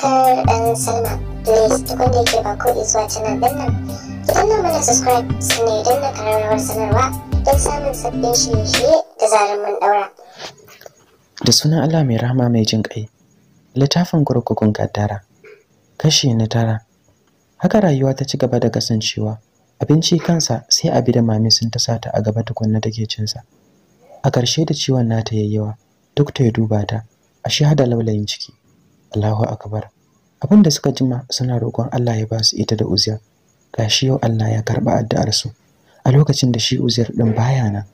subscribe and sign up. Please tukun da yake ba ko zuwa canal din nan. Ki danna mana subscribe sannan idan na karar sanarwa don samun sabbin shirye-shirye da zarar mun daura. Da sunan Allah mai rahama mai jin ƙai. Littafin kurkukun kaddara. Kashi na tara. Haka rayuwa ta ci gaba da kasancewa. Abinci kansa sai abi da mami sun tasa ta a gaba tukunna take cinsa. A ƙarshe da ciwon nata yayyawa, duk ta ya duba ta, ashe hada laulayin ciki. Allahu akbar abin da suka jima suna roƙon Allah ya ba su ita da uziyar gashi yau Allah ya karba addu'ar su a lokacin da shi uziyar din baya nan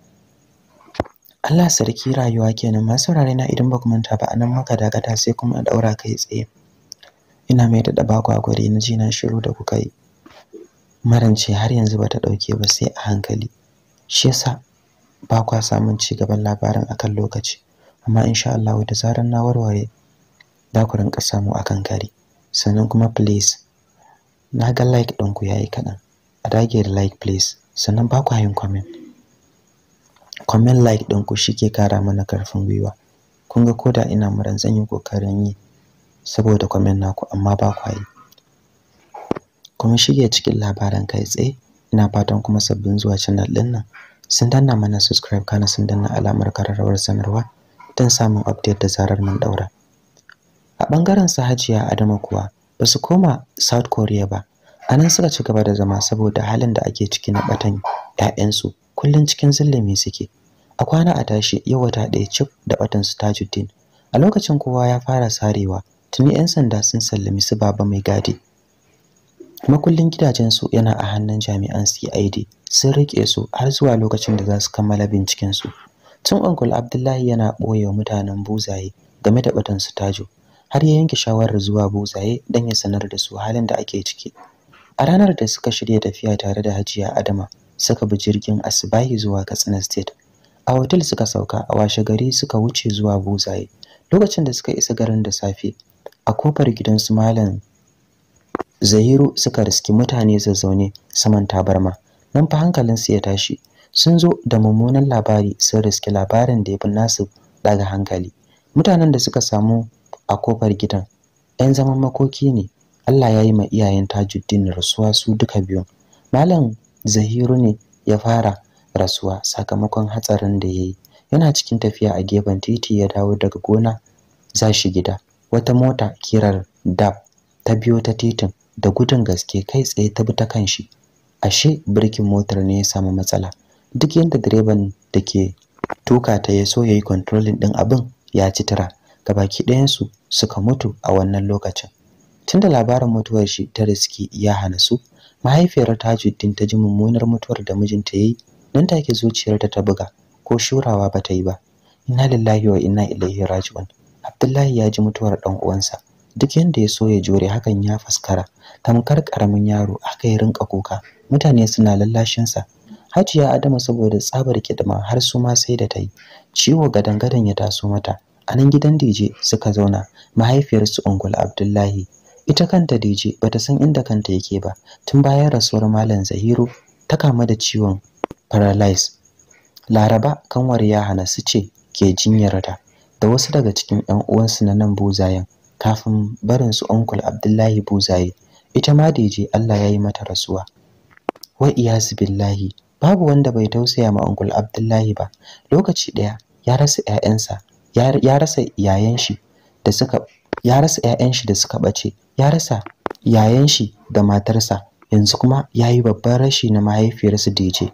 Allah sarki rayuwa kenan masu saurare na idan ba ku manta ba anan maka dagata sai kuma a daura kai tsaye ina mai da daba gwagware na ji na shiru da kuka yi marance har yanzu bata dauke ba sai a hankali shi yasa ba kwa samun ci gaban labarin akan lokaci amma insha Allah da zaran na warware da ku rinka samu a kan kare sannan kuma please na ga like ɗinku ya yi kaɗan a dage da like please sannan ba ku hayin comment comment like ku shi ke kara mana karfin gwiwa kun ga koda ina muran zan yi kokarin yi saboda comment naku amma ba ku hayi kuma shige cikin labaran kai tsaye ina fatan kuma sabbin zuwa channel ɗin nan sun danna mana subscribe kana sun danna alamar ƙararrawar sanarwa don samun update da zarar mun daura a ɓangaren su hajiya Adamu kuwa ba su koma south korea ba a nan suka ci gaba da zama saboda halin da ake ciki na batan 'ya'yansu kullum cikin zillimi suke a kwana a tashi yau wata ɗaya cif da batan su tajuddin a lokacin kowa ya fara sarewa tuni 'yan sanda sun sallami su baba mai gadi makullin gidajensu yana a hannun jami'an cid sun riƙe su har zuwa lokacin da za su kammala bincikensu tun uncle abdullahi yana ɓoye wa mutanen buzaye game da batansu tajo har ya yanke shawarar zuwa Botsaye don ya sanar da su halin da ake ciki. A ranar da suka shirya tafiya tare da Hajiya Adama, suka bi jirgin Asibahi zuwa Katsina State. A hotel suka sauka a washe gari suka wuce zuwa Botsaye. Lokacin da suka isa garin da safe, a kofar gidan su Malam Zahiru suka riski mutane zazzaune saman tabarma. Nan fa hankalin su ya tashi. Sun zo da mummunan labari sun riski labarin da ya fi nasu daga hankali. Mutanen da suka samu a kofar gidan yan zaman makoki ne Allah ya yi ma iyayen Tajuddin rasuwa su duka biyun Malam Zahiru ne ya fara rasuwa sakamakon hatsarin da ya yi yana cikin tafiya a gefen titi ya dawo daga gona za shi gida wata mota kirar dab ta biyo ta titin da gudun gaske kai tsaye ta bi ta kanshi. ashe birkin motar ne ya samu matsala duk yadda direban da ke tuka ta ya so ya yi kontrolin din abin ya ci tira Ga gabaki ɗayansu suka mutu a wannan lokacin tunda labarin mutuwar shi ta riski ya hana su mahaifiyar tajuddin ta ji mummunar mutuwar da mijinta ya yi nan take zuciyarta ta buga ko shurawa ba ta yi ba inna lillahi wa inna ilaihi raji'un abdullahi ya ji mutuwar ɗan uwansa duk yanda ya so ya jure hakan ya faskara tamkar karamin yaro aka yi rinka kuka mutane suna lallashinsa hajiya adamu saboda tsabar kidima har su ma sai da ta yi ciwo gadan-gadan ya taso mata a nan gidan dije suka zauna mahaifiyarsu ungul abdullahi ita kanta dije bata san inda kanta yake ba tun bayan rasuwar malam zahiru ta kama da ciwon paralyze laraba kanwar yahana su ce ke jinyar da wasu daga cikin yan uwansu na nan buzayen kafin barin su uncle abdullahi buzaye ita ma dije allah ya yi mata rasuwa wa iyasu billahi babu wanda bai tausaya ma uncle abdullahi ba lokaci ɗaya ya rasa 'ya'yansa ya rasa yayan shi da suka ya rasa ƴaƴan shi da suka bace ya rasa yayan shi da matarsa yanzu kuma yayi babban rashi na mahaifiyarsa da yace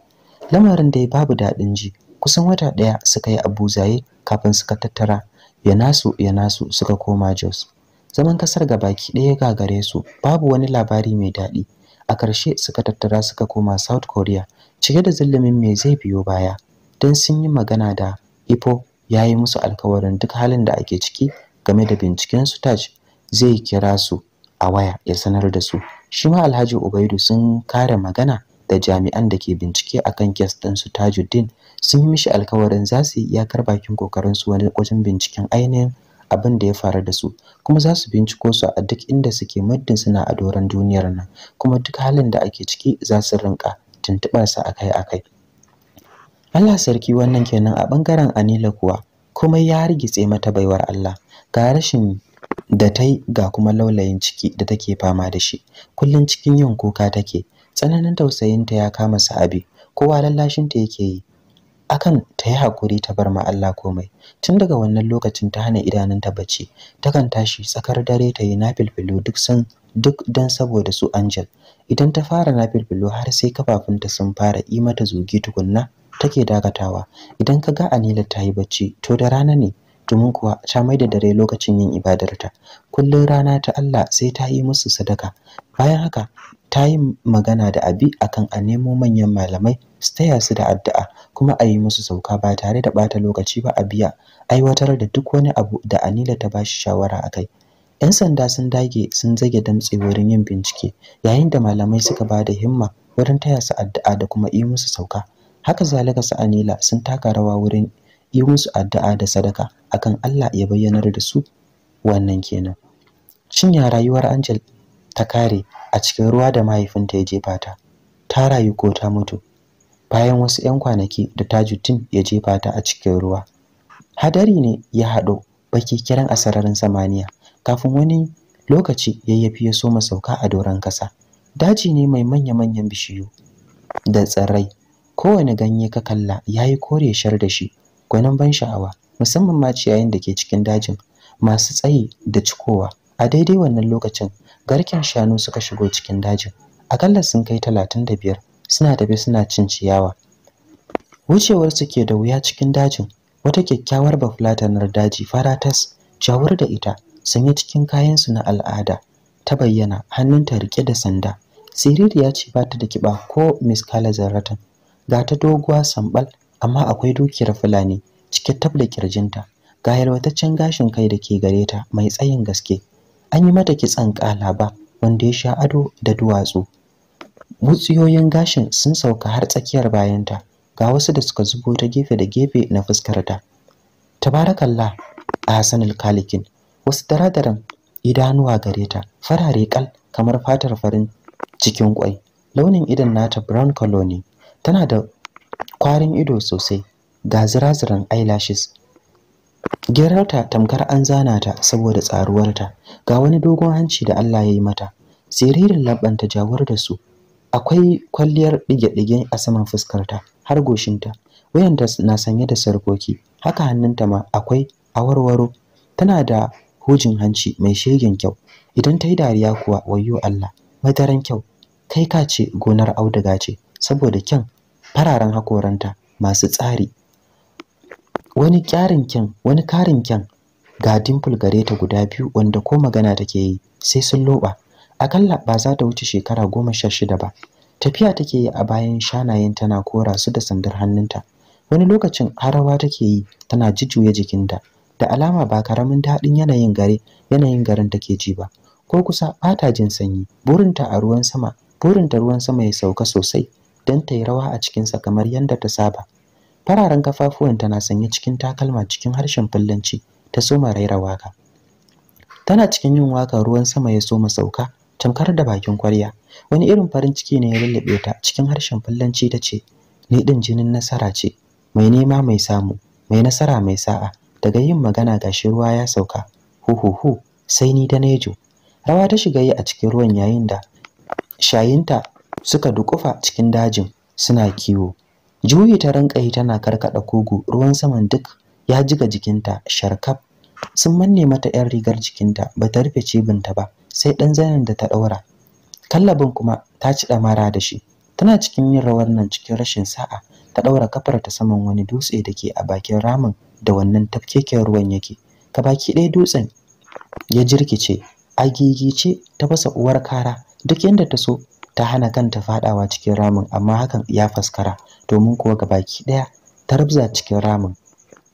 lamarin dai babu daɗin ji kusan wata ɗaya suka yi abuzaye kafin suka tattara ya nasu ya nasu suka koma Jos zaman kasar baki ɗaya gagare su babu wani labari mai daɗi a ƙarshe suka tattara suka koma South Korea cike da zillumin me zai biyo baya don sun yi magana da Ipo ya yi musu alkawarin duk halin da ake ciki game da binciken su taj zai kira su a waya ya sanar da su shi ma alhaji ubaidu sun kare magana da jami'an da ke bincike a kan kes ɗin su tajuddin sun yi mishi alkawarin za su yi iyakar bakin kokarin su wani wajen binciken ainihin abin da ya faru da su kuma za su binciko su a duk inda suke muddin suna a doron duniyar nan kuma duk halin da ake ciki za su rinka tuntuɓar sa akai-akai Allah sarki wannan kenan a bangaren Anila kuwa kuma ya hargitse mata baiwar Allah ga rashin da ta yi ga kuma laulayin ciki da take fama da shi kullum cikin yin kuka take tsananin tausayin ta ya kama sa'abi kowa lallashinta yake yi akan ta yi hakuri ta bar ma Allah komai tun daga wannan lokacin ta hana idanun idanunta bacci takan tashi tsakar dare ta yi nafilfilo duk san duk dan saboda su Angel idan ta fara nafilfilo har sai kafafunta sun fara yi mata zugi tukunna take dagatawa, idan ka ga anila ta yi bacci to da rana ne domin kuwa ta mai da dare lokacin yin ibadarta kullum rana ta Allah sai ta yi musu sadaka bayan haka ta yi magana da abi akan a nemo manyan malamai su taya su da addu'a kuma a yi musu sauka ba tare da ɓata lokaci ba a biya aiwatar da duk wani abu da anila ta bashi shawara a kai 'yan sanda sun dage sun zage damtse wurin yin bincike yayin da malamai suka ba da himma wurin taya su addu'a da kuma yi musu sauka haka zalika su anila sun taka rawa wurin yi musu addu'a da sadaka akan Allah ya bayyanar da su wannan kenan shin ya rayuwar Angel ta kare a cikin ruwa da mahaifinta ya jefa ta ta rayu ko ta mutu bayan wasu 'yan kwanaki da tajutin ya jefa ta a cikin ruwa hadari ne ya haɗo baki kiran a sararin samaniya kafin wani lokaci yayyafi ya soma sauka a doron kasa daji ne mai manya-manyan bishiyu da tsirrai kowane ganye ka kalla ya yi kore shar da shi gwanin ban sha'awa musamman ma ciyayin da ke cikin dajin masu tsayi da cikowa a daidai wannan lokacin garken shanu suka shigo cikin dajin akalla sun kai talatin da biyar suna tafe suna cin ciyawa wucewar su ke da wuya cikin dajin wata kyakkyawar bafulatanar daji faratas jawar da ita sun yi cikin kayansu na al'ada ta bayyana hannunta rike da sanda siririya ce ba ta da kiba ko miskala zarratan ga ta doguwa sambal amma akwai dukiyar fulani cike tab da kirjinta ga yalwataccen gashin kai da ke gare ta mai tsayin gaske an yi mata kitsan ba, wanda ya sha ado da duwatsu mutsiyoyin gashin sun sauka har tsakiyar bayanta ga wasu da suka zubo ta gefe da gefe na fuskar ta tabarakallah ahsanul kalikin wasu daradaran idanuwa gare ta farare kal kamar fatar farin cikin kwai launin idan nata brown colony ne tana da kwarin ido sosai ga ziraziran eyelashes gerarta tamkar an zana ta saboda tsaruwarta ga wani dogon hanci da Allah ya yi mata siririn labanta jawar da su akwai kwalliyar ɗige-ɗige a saman fuskarta har goshinta wayanta na sanye da sarkoki haka hannunta ma akwai awarwaro tana da hujin hanci mai shegen kyau idan ta yi dariya kuwa wayo Allah madaran kyau kai ka ce gonar auduga ce saboda kyan fararen hakoranta masu tsari wani kyarin kyan wani karin kyan ga dimple gare ta guda biyu wanda ko magana take yi sai sun loba akalla ba za ta wuce shekara goma sha shida ba tafiya take yi a bayan shanayen tana kora su da sandar hannunta wani lokacin harawa take yi tana jujjuya jikinta da alama ba karamin daɗin yanayin gare yanayin garin take ji ba ko kusa bata jin sanyi burinta a ruwan sama burinta ruwan sama ya sauka sosai don ta yi rawa a cikinsa kamar yadda ta saba fararen kafafuwanta na sanye cikin takalma cikin harshen fullanci ta soma raira waka tana cikin yin waka ruwan sama ya soma sauka tamkar da bakin kwarya wani irin farin ciki ne ya lullube ta cikin harshen fullanci ta ce ni din jinin nasara ce mai nema mai samu mai nasara mai sa'a daga yin magana gashi ruwa ya sauka hu hu hu sai ni da nejo rawa ta shiga yi a cikin ruwan yayin da shayinta suka dukufa cikin dajin suna kiwo juyi ta ranka tana karkada kugu ruwan saman duk ya jiga jikinta sharkaf sun manne mata yan rigar jikinta ba ta rufe cibinta ba sai ɗan zanen da ta ɗaura. kallabin kuma ta ci damara da shi tana cikin yin rawar nan cikin rashin sa'a ta ɗaura kafar ta saman wani dutse da ke a bakin ramin da wannan tafkeken ruwan yake ka baki ɗaya dutsen ya jirkice agigice ta fasa uwar kara duk yadda ta so ta hana kanta fadawa cikin ramin amma hakan ya faskara domin kuwa gabaki daya ta rubza cikin ramin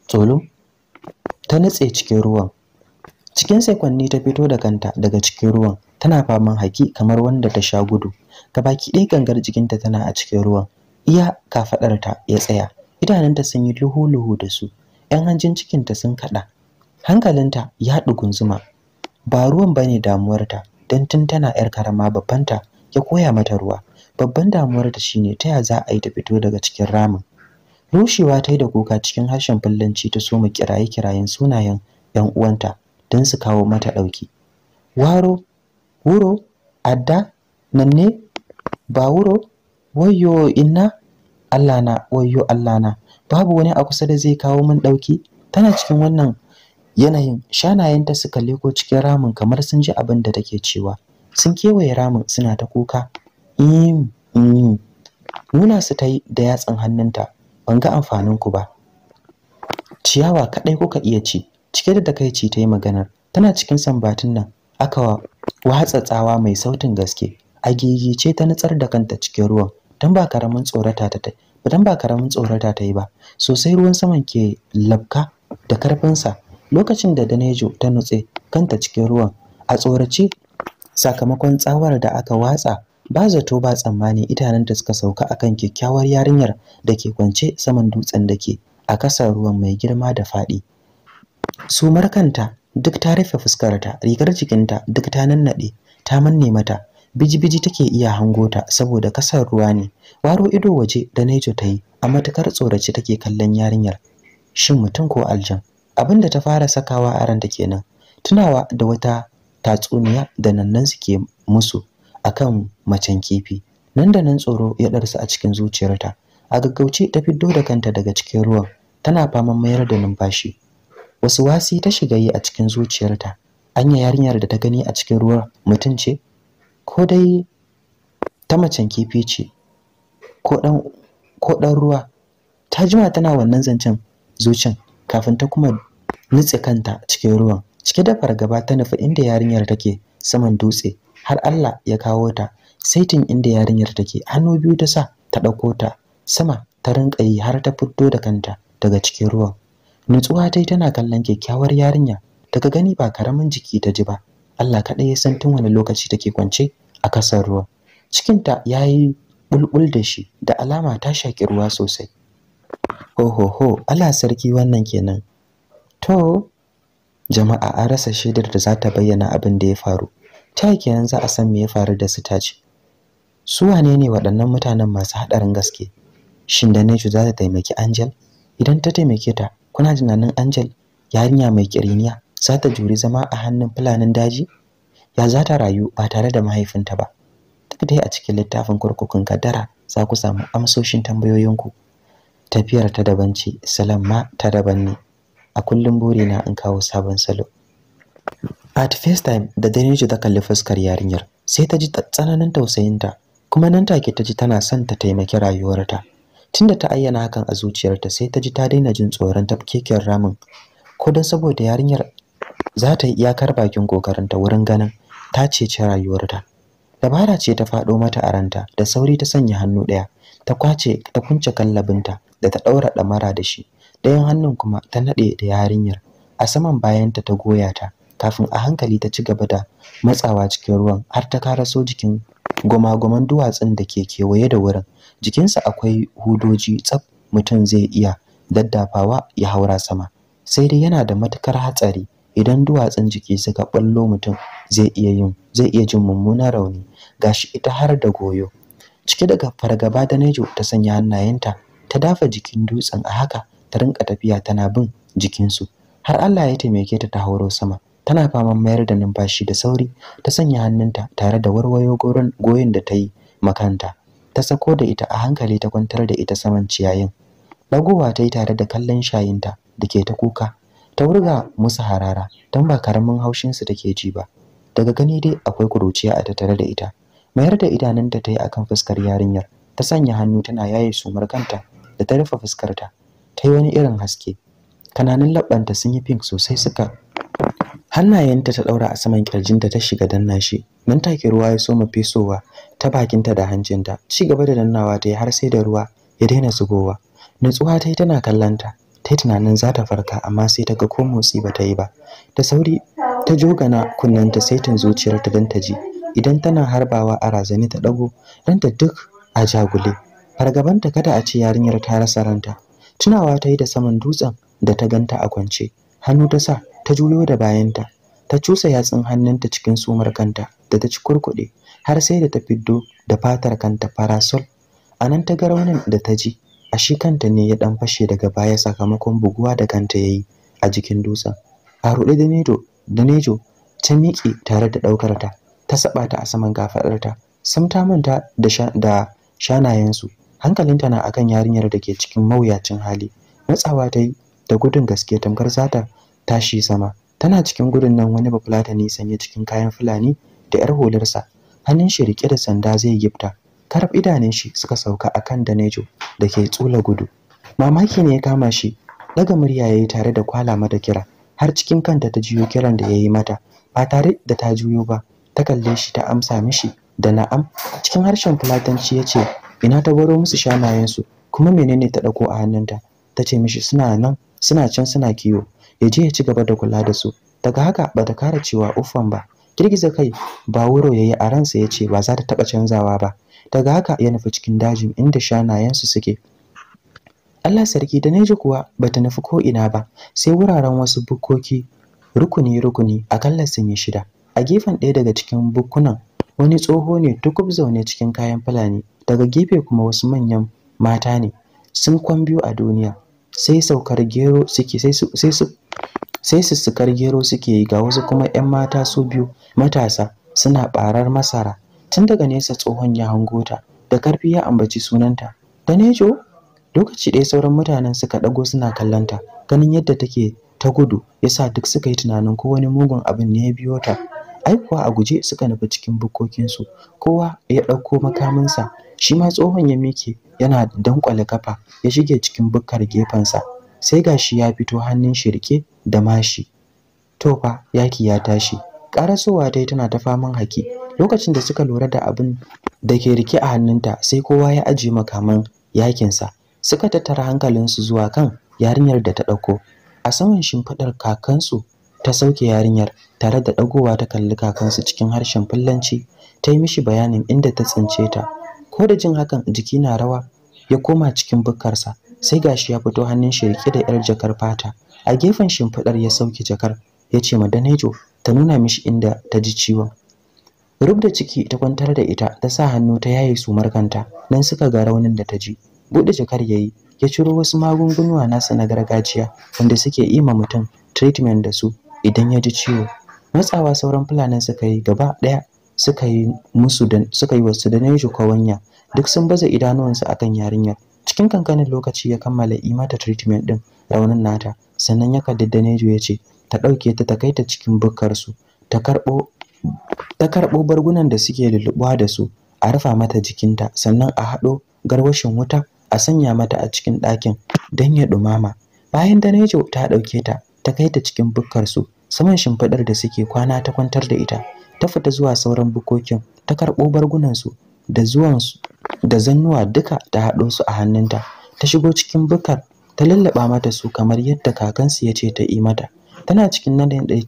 tsolo ta nutse cikin ruwan cikin sekwanni ta fito da kanta daga cikin ruwan tana faman haki kamar wanda ta sha gudu gabaki ɗaya gangar jikinta tana a cikin ruwan iya kafaɗarta ya tsaya idanunta sun yi luhu-luhu da su ‘yan hanjin cikinta sun kaɗa hankalinta ya dugunzuma ba ruwan bane damuwarta don tun tana ‘yar karama babbanta ya koya mata ruwa babban damuwar ta shine ta ya za a yi ta fito daga cikin ramin rushewa ta yi da kuka cikin harshen fullanci ta soma kiraye kirayen sunayen yan uwanta don su kawo mata ɗauki waro wuro adda nanne ba wuro wayyo inna Allah na wayyo Allah na babu wani a kusa da zai kawo min ɗauki tana cikin wannan yanayin shanayenta suka leko cikin ramin kamar sun ji abin da take cewa sun kewaye ramin suna ta kuka nuna su ta yi da yatsan hannunta ban ga amfanin ku ba ciyawa kaɗai kuka iya ci cike da takaici ta yi maganar tana cikin sambatin nan aka watsa tsawa mai sautin gaske a gigice ta nutsar da kanta cikin ruwan don ba karamin tsorata ta ta don ba karamin tsorata ta yi ba sosai ruwan saman ke labka da karfinsa lokacin da danejo ta nutse kanta cikin ruwan a tsorace sakamakon tsawar da aka watsa ba zato ba tsammani da suka sauka akan kyakkyawar yarinyar da ke kwance saman dutsen da ke a kasar ruwan mai girma da faɗi su markanta duk ta rufe fuskarta rigar jikinta duk ta nannaɗe ta manne mata biji-biji take iya hango ta saboda kasar ruwa ne waro ido waje da nejo ta yi a matukar tsoraci take kallon yarinyar shin mutum ko aljan Abinda ta fara sakawa a ranta kenan tunawa da wata tatsuniya da nannan suke musu akan macen kifi nan da nan tsoro ya darsa a cikin zuciyarta a gaggauce ta fiddo da kanta daga cikin ruwan tana faman mayar da numfashi wasu wasi ta shiga yi a cikin zuciyarta anya yarinyar da ta gani a cikin ruwan mutum ce ko dai ta macen kifi ce ko dan ko dan ruwa ta jima tana wannan zancen zucin kafin ta kuma nutse kanta cikin ruwan cike da fargaba ta nufi inda yarinyar take saman dutse har Allah ya kawo ta saitin inda yarinyar take hannu biyu ta sa ta ɗauko ta sama ta rinƙa yi har ta fito da kanta daga cikin ruwan nutsuwa ta tana kallon kyakkyawar yarinya daga gani ba karamin jiki ta ji ba Allah kaɗai ya san tun wani lokaci take kwance a kasar ruwa cikinta ya yi bulbul da shi da alama ta shaki ruwa sosai ho ho ho Allah sarki wannan kenan to jama'a an rasa shaidar da za ta bayyana abin da ya faru ta kenan za a san me ya faru da su tace su wane ne waɗannan mutanen masu haɗarin gaske shin da neju za ta taimaki angel idan ta taimake ta kuna tunanin angel yarinya mai kiriniya za ta juri zama a hannun fulanin daji ya za ta rayu ba tare da mahaifinta ba Duk dai a cikin littafin kurkukun kaddara za ku samu amsoshin tambayoyinku tafiyar ta daban ce salam ma ta daban ne a kullum buri na in kawo sabon salo at first time da ji ta kalli fuskar yarinyar sai ta ji tsananin tausayinta kuma nan take ta ji tana son ta taimaki rayuwarta tunda ta ayyana hakan a zuciyarta sai ta ji ta daina jin tsoron tafkekiyar ramin ko don saboda yarinyar za ta yi iyakar bakin kokarinta wurin ganin ta ceci rayuwarta dabara ce ta faɗo mata a ranta da sauri ta sanya hannu ɗaya ta kwace ta kunce kallabinta da ta ɗaura ɗamara da shi ɗayan hannun kuma ta naɗe da yarinyar a saman bayanta ta goya ta kafin a hankali ta ci gaba da matsawa cikin ruwan har ta karaso jikin gwamagwaman duwatsun da ke kewaye da wurin jikinsa akwai hudoji tsaf mutum zai iya daddafawa ya haura sama sai dai yana da matukar hatsari idan duwatsun jiki suka ɓallo mutum zai iya yin zai iya jin mummunan rauni gashi ita har da goyo cike daga fargaba da nejo ta sanya hannayenta ta dafa jikin dutsen a haka ta rinka tafiya tana bin jikinsu har Allah ya taimake ta ta hauro sama tana faman mayar da numfashi da sauri ta sanya hannunta tare da warwayo goyon da ta yi makanta ta sako da ita a hankali ta kwantar da ita saman ciyayin dagowa ta yi tare da kallon shayinta da ke ta kuka ta wurga musu harara don ba karamin haushinsu take ji ba daga gani dai akwai kuruciya a tattare da ita mayar da idanunta ta yi akan fuskar yarinyar ta sanya hannu tana yaye sumar kanta da ta rufe fuskarta ta yi wani irin haske kananan labbanta sun yi pink sosai suka hannayenta ta daura a saman kirjinta ta shiga danna shi nan take ruwa ya soma fesowa ta bakinta da hancinta ci gaba da dannawa ta yi har sai da ruwa ya daina zubowa nutsuwa ta yi tana kallanta ta yi tunanin za ta farka amma sai ta ga ko motsi ba ta yi ba da sauri ta jogana kunnanta saitin zuciyarta don ta ji idan tana harbawa a razani ta dago ta duk a jagule fargabanta kada a ce yarinyar ta rasa ranta tunawa ta yi da saman dutsen da ta ganta a kwance hannu ta sa ta juyo da bayanta ta cusa yatsun hannunta cikin sumar kanta da ta ci kurkuɗe har sai da ta fiddo da fatar kanta parasol a nan ta ga raunin da ta ji a shi kanta ne ya ɗan fashe daga baya sakamakon buguwa da kanta ya yi a jikin dutsen a ruɗe da nejo ta miƙe tare da ɗaukar ta ta saba ta a saman gafaɗarta sam ta manta da shanayensu hankalinta na akan yarinyar da ke cikin mawuyacin hali matsawa ta yi da gudun gaske tamkar za ta tashi sama tana cikin gudun nan wani bafulatani sanye cikin kayan fulani da yar hularsa hannun shi rike da sanda zai gifta karab idanun shi suka sauka akan danejo da ke tsula gudu mamaki ne ya kama shi daga murya yi tare da kwala mata kira har cikin kanta ta jiyo kiran da ya yi mata ba tare da ta juyo ba ta kalle shi ta amsa mishi da na'am cikin harshen fulatanci ya ce ina ta baro musu shanayensu kuma menene ta ɗauko a hannunta ta ce mishi suna nan suna can suna kiwo Yaje ya ci gaba da kula da su daga haka ba ta kara cewa uffan ba girgiza kai ba wuro ya yi a ransa ya ba za ta taɓa canzawa ba daga haka ya nufi cikin dajin inda shanayensu suke Allah sarki da naji kuwa bata nufi ko ina ba sai wuraren wasu bukkoki rukuni rukuni a sun yi shida a gefen ɗaya daga cikin bukkunan wani tsoho ne dukub zaune cikin kayan fulani daga gefe kuma wasu manyan mata ne sun kwan biyu a duniya sai saukar gero suke sai su sai su sukar gero suke yi ga wasu kuma 'yan mata su biyu matasa suna ɓarar masara tun daga nesa tsohon ya hango ta da karfi ya ambaci sunanta Da danejo lokaci ɗaya sauran mutanen suka ɗago suna kallonta ganin yadda take ta gudu yasa duk suka yi tunanin ko wani mugun abin ne ya biyo ta ai a guje suka nufi cikin bukkokinsu kowa ya ɗauko makaminsa shi ma tsohon ya mike yana danƙwale kafa ya shige cikin bukkar gefensa sai gashi ya fito hannun shi shirke da mashi to fa yaki ya tashi karasowa dai tana ta faman haki lokacin da suka lura da abin da ke rike a hannunta sai kowa ya ajiye makaman yakinsa suka tattara hankalinsu zuwa kan yarinyar da ta ɗauko a saman shimfiɗar kakansu ta sauke yarinyar tare da dagowa ta kalli kakansu cikin harshen fullanci ta yi mishi bayanin inda ta tsince ta ko da jin hakan jiki na rawa ya koma cikin bukkarsa sai gashi ya fito hannun shi rike da yar jakar fata a gefen shimfiɗar ya sauke jakar ya ce madanejo ta nuna mishi inda ta ji ciwon rub da ciki ta kwantar da ita ta sa hannu ta yaye su markanta nan suka ga raunin da ta ji buɗe jakar yayi ya ciro wasu magunguna nasa na gargajiya wanda suke ima mutum treatment da su idan ya ji ciwo matsawa sauran fulanin suka yi gaba ɗaya suka yi musu da suka yi wasu da kawanya duk sun baza idanuwansu akan yarinyar cikin kankanin lokaci ya kammala imata mata treatment din raunin nata sannan ya kalli da ya ce ta ɗauke ta ta kai ta cikin bukkarsu ta karɓo bargunan da suke lulluɓuwa da su a rufa mata jikinta sannan a haɗo garwashin wuta a sanya mata a cikin ɗakin don ya ɗumama bayan da ta ɗauke ta ta kai ta cikin bukkarsu saman shimfiɗar da suke kwana ta kwantar da ita ta fita zuwa sauran bukokin ta karɓo bargunansu da zuwansu da zannuwa duka ta haɗo su a hannunta ta shigo cikin bukkar ta lallaɓa mata su kamar yadda kakansu ya ce ta yi mata tana cikin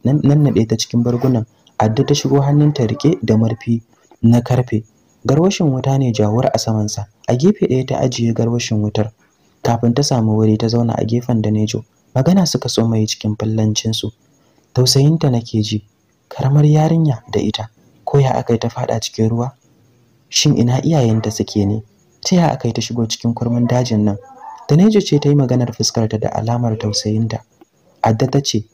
nannaɗe ta cikin bargunan adda ta shigo hannunta riƙe da murfi na karfe garwashin wuta ne jawar a samansa a gefe ɗaya ta ajiye garwashin wutar kafin ta samu wuri ta zauna a gefen da nejo magana suka so mai cikin fallancinsu tausayinta nake ji karamar yarinya da ita ko ya aka ta faɗa cikin ruwa shin ina iyayenta suke ne ta ya aka ta shigo cikin kurmin dajin nan Tanejo ce ta yi maganar fuskarta da alamar tausayinta Adda ta ce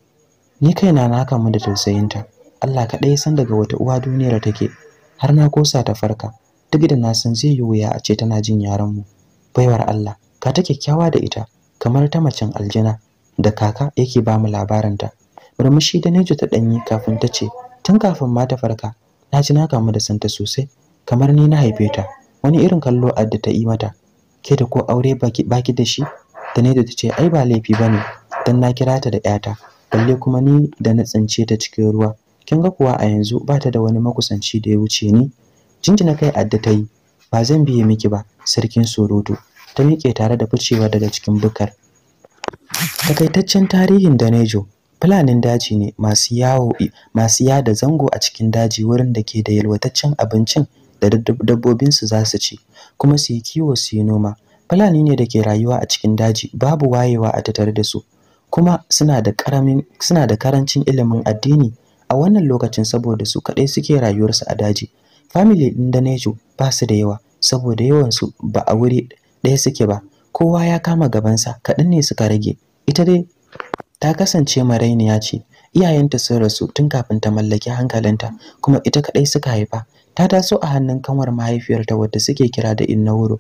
ni kaina na kamu da tausayinta Allah kaɗai san daga wata uwa duniyar take har na kosa ta farka duk da na san zai yi wuya a ce tana jin yaran mu baiwar Allah ka ta kyakkyawa da ita kamar ta macen aljina da kaka yake ba mu labarinta murmushi da nejo ta danyi kafin ta ce tun kafin ma ta farka na ji na kamu da santa sosai kamar ni na haife ta wani irin kallo adda ta yi mata ke da ko aure baki baki da shi da ne ta ce ai ba laifi bane dan na kira ta da yata balle kuma ni da na tsince ta cikin ruwa kin ga kuwa a yanzu ba ta da wani makusanci da ya wuce ni jinjina kai adda ta yi ba zan biye miki ba sarkin soroto ta miƙe tare da ficewa daga cikin bukar Takaitaccen tarihin Danejo Fulanin daji ne masu yawo masu yada zango a cikin daji wurin da ke da yalwataccen abincin da dabbobinsu za su ci, kuma su yi kiwo su yi noma. Fulani ne da ke rayuwa a cikin daji babu wayewa a tattare da su, kuma suna da suna da karancin ilimin addini a wannan lokacin saboda su kaɗai suke rayuwarsu a daji. Family ɗin Danejo ba su da yawa saboda yawansu ba a wuri ɗaya suke ba, kowa ya kama gabansa kaɗan ne suka rage. ita dai ta kasance marainiya ce iyayenta sun rasu tun kafin ta mallaki hankalinta kuma ita kadai suka haifa ta taso a hannun kanwar mahaifiyarta wadda suke kira da inna wuro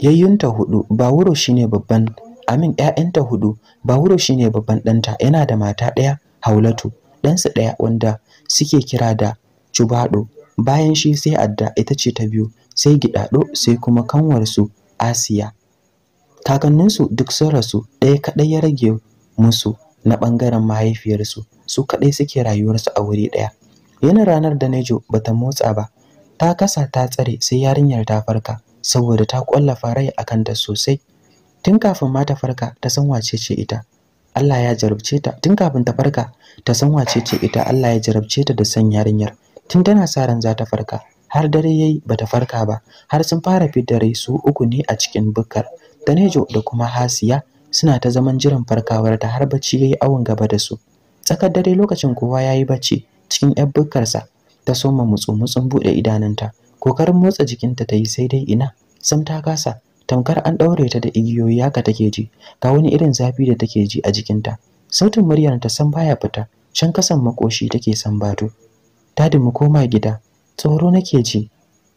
yayyunta hudu ba wuro shine babban amin ƴaƴanta hudu ba wuro shine babban ɗanta yana da mata ɗaya haulatu ɗansu ɗaya wanda suke kira da cubaɗo bayan shi sai adda ita ce ta biyu sai gidaɗo sai kuma kanwarsu asiya kakanninsu duk sun rasu ɗaya kaɗai ya rage musu na ɓangaren mahaifiyarsu su kaɗai suke rayuwarsu a wuri ɗaya yana ranar da nejo bata motsa ba ta kasa ta tsare sai yarinyar ta farka saboda ta kwallafa rai a kanta sosai tun kafin ma ta farka ta san wace ce ita Allah ya jarabce ta tun kafin ta farka ta san wace ce ita Allah ya jarabce ta da san yarinyar tun tana sa ran za ta farka har dare yayi bata farka ba har sun fara fidda rai su uku ne a cikin bukkar Danejo da kuma Hasiya suna ta zaman jiran farkawar ta har bacci yayi awon gaba da su. Tsakar dare lokacin kowa yayi bacci cikin 'yar bukkarsa ta soma mutsu-mutsun bude idanunta. Kokarin motsa jikinta ta yi sai dai ina sam ta kasa tamkar an daure ta da igiyoyi haka take ji ga wani irin zafi da take ji a jikinta. Sautin muryar ta san baya fita can kasan makoshi take sambato. Ta mu koma gida tsoro nake ji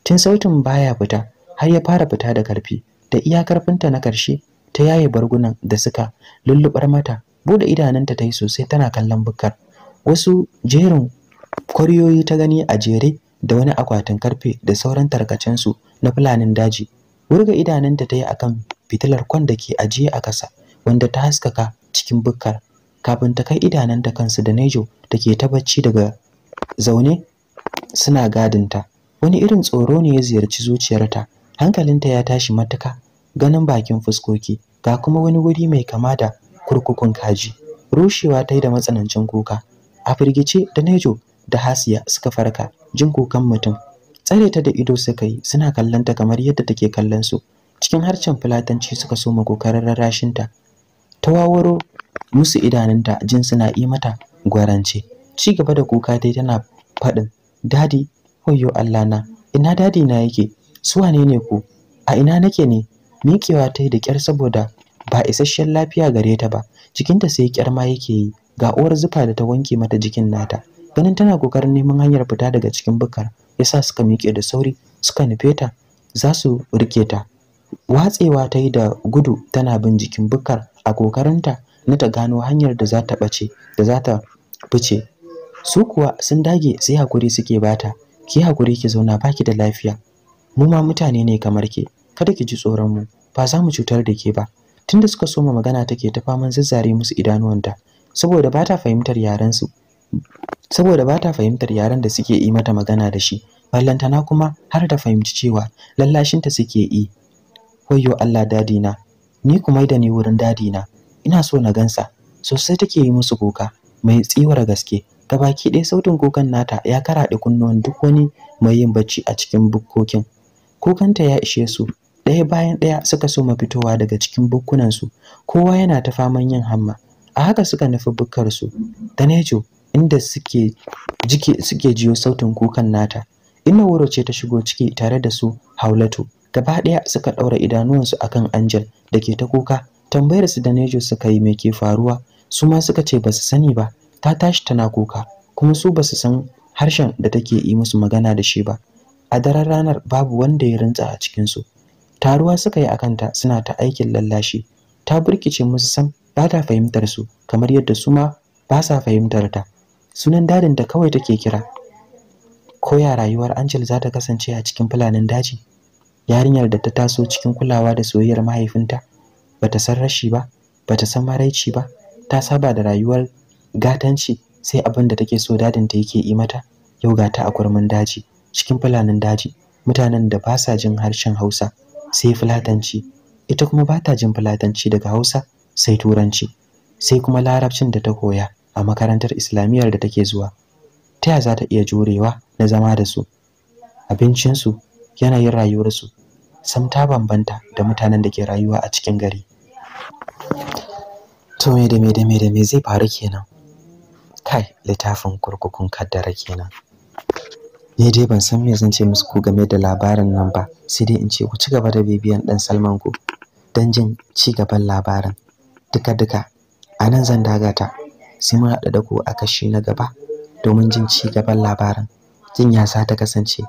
tun sautin baya fita har ya fara fita da karfi da iya karfinta na karshe ta yaye bargunan da suka lullubar mata bude idananta ta yi sosai tana kallon bukkar wasu jerin kwaryoyi ta gani a jere da wani akwatin karfe da sauran tarkacensu na fulanin daji wurga idananta ta yi akan fitilar kwan da ke ajiye a kasa wanda ta haskaka cikin bukkar kafin ta kai idananta kansu da nejo da ke ta bacci daga zaune suna gadinta wani irin tsoro ne ya ziyarci zuciyarta hankalinta ya tashi matuka ganin bakin fuskoki ga kuma wani wuri mai kama da kurkukun kaji rushewa ta yi da matsanancin kuka a firgice da nejo da hasiya suka farka jin kukan mutum tsare ta da ido suka yi suna kallon kamar yadda take kallon su cikin harcen fulatanci suka soma kokarin rarrashinta ta wawaro musu idanunta jin suna yi mata gwarance ci gaba da kuka dai tana faɗin dadi hoyo Allah na ina dadi na yake su wane ne ku a ina nake ne miƙewa ta yi da kyar saboda ba isasshen lafiya gare ta ba cikinta sai kyar ma yake yi ga uwar zufa da ta wanke mata jikin nata ganin tana kokarin neman hanyar fita daga cikin bukar yasa suka miƙe da sauri suka nufe ta za su rike ta watsewa ta yi da gudu tana bin jikin bukar a ƙoƙarinta na ta gano hanyar da za ta ɓace da za ta fice su kuwa sun dage sai hakuri suke bata ki hakuri ki zauna baki da lafiya mu ma mutane ne kamar ke kada ki ji tsoron mu ba za mu cutar da ke ba tunda suka soma magana take ta faman zazzare musu idanuwanta saboda ba ta fahimtar yaren su saboda ba ta fahimtar yaran da suke yi mata magana da shi na kuma har da fahimci cewa lallashinta suke yi wayyo Allah dadina ni kuma da ni wurin na. ina so na gansa sosai take yi musu kuka mai tsiwar gaske gabaki ɗaya sautin kukan nata ya karaɗe kunnuwan duk wani mai yin bacci a cikin bukkokin kukanta ya ishe su ɗaya bayan ɗaya suka soma fitowa daga cikin bukkunansu kowa yana ta faman yin hamma a haka suka nufi bukkarsu danejo inda suke jike suke jiyo sautin kukan nata inna wuro ce ta shigo ciki tare da su haulatu gaba ɗaya suka ɗaura idanuwansu akan angel da ke ta kuka tambayar su nejo suka yi me ke faruwa su ma suka ce ba su sani ba ta tashi tana kuka kuma su ba su san harshen da take yi musu magana da shi ba a daren ranar babu wanda ya rintsa a cikinsu taruwa suka yi a kanta suna ta aikin lallashi ta burkice musu san ba ta fahimtar su kamar yadda su ma ba sa fahimtar ta sunan dadin da kawai take kira koya rayuwar Angel za ta kasance a cikin fulanin daji yarinyar da ta taso cikin kulawa da soyayyar mahaifinta bata san rashi ba bata san maraici ba ta saba da rayuwar gatanci sai abin da take so dadin ta yake yi mata yau ga ta a kurmin daji cikin fulanin daji mutanen da ba sa jin harshen Hausa sai fulatanci ita kuma ba ta jin fulatanci daga Hausa sai turanci sai kuma larabcin da ta koya a makarantar islamiyyar da take zuwa ta ya za ta iya jurewa na zama da su abincinsu yanayin rayuwarsu sam ta bambanta da mutanen da ke rayuwa a cikin gari to me da me da me da me zai faru kenan kai littafin kurkukun kaddara kenan ni dai ban san me zan ce musu ko game da labarin nan ba sai dai in ce ku ci gaba da bibiyan dan Salman ku dan jin ci gaban labarin duka duka a nan zan dagata sai mun haɗu da ku a kashi na gaba domin jin ci gaban labarin jin ya ta kasance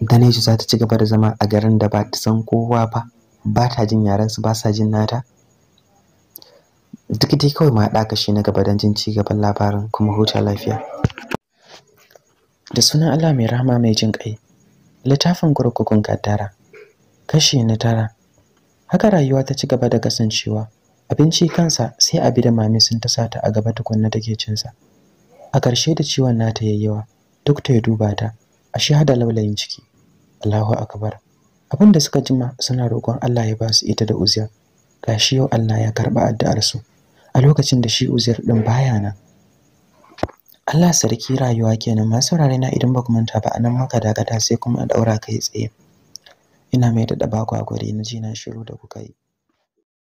Daneju za ta ci gaba da zama a garin da ba ta san kowa ba ba ta jin su ba sa jin nata duk dai kawai ma haɗa kashi na gaba dan jin ci gaban labarin kuma huta lafiya da sunan Allah mai rahama mai jin ƙai littafin kurkukun kaddara kashi na tara haka rayuwa ta ci gaba da kasancewa abinci kansa sai abi da mami sun ta sata a gaba tukunna take cinsa a ƙarshe da ciwon nata yayyawa duk ta duba ta a shi hada laulayin ciki Allahu akbar abin da suka jima suna roƙon Allah ya ba su ita da uziyar gashi yau Allah ya karɓa addu'ar su a lokacin da shi uziyar din baya nan Allah sarki rayuwa kenan masu saurare na idan baku manta ba anan maka dagata sai kuma daura kai tsaye ina mai da bagwagware na ji na shiru da kuka yi